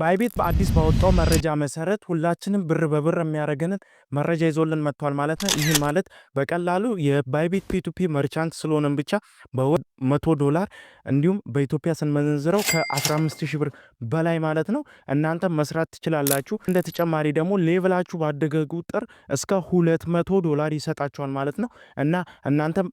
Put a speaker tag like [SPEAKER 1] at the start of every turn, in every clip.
[SPEAKER 1] ባይቤት በአዲስ ባወጣው መረጃ መሰረት ሁላችንም ብር በብር የሚያደርገንን መረጃ ይዞልን መጥቷል ማለት ነው። ይህ ማለት በቀላሉ የባይቤት ፒቱፒ መርቻንት ስለሆነም ብቻ በወር መቶ ዶላር እንዲሁም በኢትዮጵያ ስንመዘንዝረው ከ15000 ብር በላይ ማለት ነው እናንተ መስራት ትችላላችሁ። እንደ ተጨማሪ ደግሞ ሌቭላችሁ ባደገ ቁጥር እስከ 200 ዶላር ይሰጣችኋል ማለት ነው እና እናንተም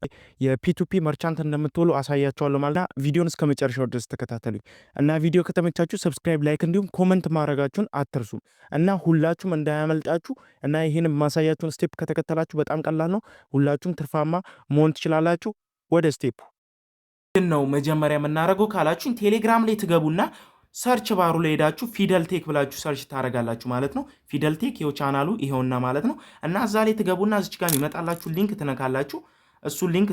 [SPEAKER 1] የፒቱፒ መርቻንት እንደምትውሉ አሳያችኋለሁ ማለት ቪዲዮን እስከ መጨረሻው ድረስ ተከታተሉኝ እና ቪዲዮ ከተመቻችሁ ሰብስክራይብ፣ ላይክ እንዲሁም ኮመንት ማድረጋችሁን አትርሱም እና ሁላችሁም እንዳያመልጣችሁ እና ይህን ማሳያችሁን ስቴፕ ከተከተላችሁ በጣም ቀላል ነው። ሁላችሁም ትርፋማ መሆን ትችላላችሁ። ወደ ስቴፑ
[SPEAKER 2] ነው መጀመሪያ የምናደርገው ካላችሁኝ ቴሌግራም ላይ ትገቡና ሰርች ባሩ ላይ ሄዳችሁ ፊደል ቴክ ብላችሁ ሰርች ታደርጋላችሁ ማለት ነው። ፊደል ቴክ ይኸው ቻናሉ ይኸውና ማለት ነው እና እዛ ላይ ትገቡና እዚች ጋር የሚመጣላችሁ ሊንክ ትነካላችሁ እሱን ሊንክ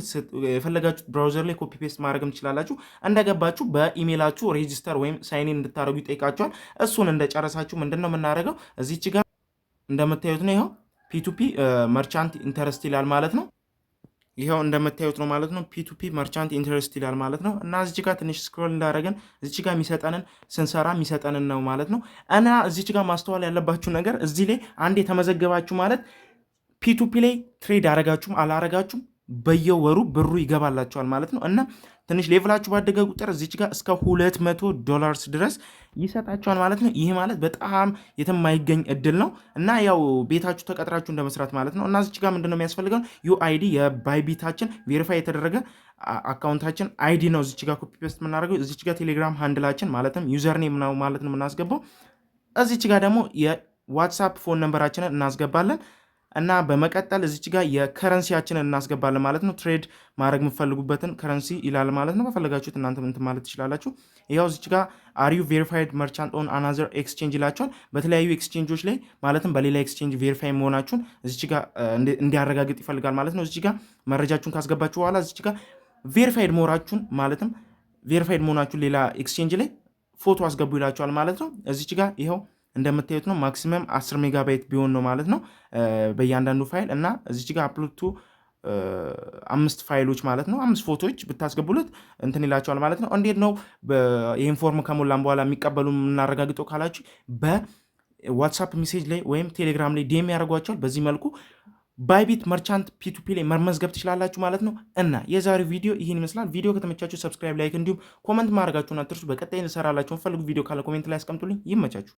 [SPEAKER 2] የፈለጋችሁት ብራውዘር ላይ ኮፒ ፔስት ማድረግም ትችላላችሁ። እንደገባችሁ በኢሜይላችሁ ሬጂስተር ወይም ሳይን እንድታደረጉ ይጠይቃችኋል። እሱን እንደጨረሳችሁ ምንድን ነው የምናደርገው እዚች ጋር እንደምታዩት ነው። ይኸው ፒቱፒ መርቻንት ኢንተረስት ይላል ማለት ነው። ይኸው እንደምታዩት ነው ማለት ነው። ፒቱፒ መርቻንት ኢንተረስት ይላል ማለት ነው። እና እዚች ጋር ትንሽ ስክሮል እንዳደረገን እዚች ጋር የሚሰጠንን ስንሰራ የሚሰጠንን ነው ማለት ነው። እና እዚች ጋር ማስተዋል ያለባችሁ ነገር እዚህ ላይ አንድ የተመዘገባችሁ ማለት ፒቱፒ ላይ ትሬድ አረጋችሁም አላረጋችሁም በየወሩ ብሩ ይገባላቸዋል ማለት ነው እና ትንሽ ሌቭላችሁ ባደገ ቁጥር እዚች ጋር እስከ 200 ዶላርስ ድረስ ይሰጣቸዋል ማለት ነው። ይህ ማለት በጣም የተማይገኝ እድል ነው እና ያው ቤታችሁ ተቀጥራችሁ እንደመስራት ማለት ነው እና እዚች ጋር ምንድነው የሚያስፈልገው ዩአይዲ የባይቢታችን ቬሪፋይ የተደረገ አካውንታችን አይዲ ነው። እዚች ጋር ኮፒ ፔስት የምናደርገው እዚች ጋር ቴሌግራም ሃንድላችን ማለትም ዩዘርኔም ነው ማለት ነው የምናስገባው። እዚች ጋር ደግሞ የዋትሳፕ ፎን ነምበራችንን እናስገባለን። እና በመቀጠል እዚች ጋር የከረንሲያችንን እናስገባለን ማለት ነው። ትሬድ ማድረግ የምፈልጉበትን ከረንሲ ይላል ማለት ነው። ከፈለጋችሁት እናንተ ምንት ማለት ትችላላችሁ። ያው እዚች ጋር አሪዩ ቬሪፋይድ መርቻንት ኦን አናዘር ኤክስቼንጅ ይላቸዋል። በተለያዩ ኤክስቼንጆች ላይ ማለትም በሌላ ኤክስቼንጅ ቬሪፋይ መሆናችሁን እዚች ጋር እንዲያረጋግጥ ይፈልጋል ማለት ነው። እዚች ጋር መረጃችሁን ካስገባችሁ በኋላ እዚች ጋር ቬሪፋይድ መሆናችሁን ማለትም ቬሪፋይድ መሆናችሁን ሌላ ኤክስቼንጅ ላይ ፎቶ አስገቡ ይላቸዋል ማለት ነው። እዚች ጋር ይኸው እንደምታዩት ነው። ማክሲመም 10 ሜጋባይት ቢሆን ነው ማለት ነው በእያንዳንዱ ፋይል እና እዚች ጋር ቱ አምስት ፋይሎች ማለት ነው አምስት ፎቶዎች ብታስገቡለት እንትን ይላቸዋል ማለት ነው። እንዴት ነው ይህን ፎርም ከሞላን በኋላ የሚቀበሉ የምናረጋግጠው ካላችሁ በዋትሳፕ ሜሴጅ ላይ ወይም ቴሌግራም ላይ ዲኤም ያደርጓቸዋል። በዚህ መልኩ ባይቢት መርቻንት ፒቱፒ ላይ መመዝገብ ትችላላችሁ ማለት ነው። እና የዛሬው ቪዲዮ ይህን ይመስላል። ቪዲዮ ከተመቻችሁ ሰብስክራይብ፣ ላይክ እንዲሁም ኮመንት ማድረጋችሁን አትርሱ። በቀጣይ እንሰራላችሁ ፈልጉ ቪዲዮ ካለ ኮሜንት ላይ አስቀምጡልኝ። ይመቻችሁ።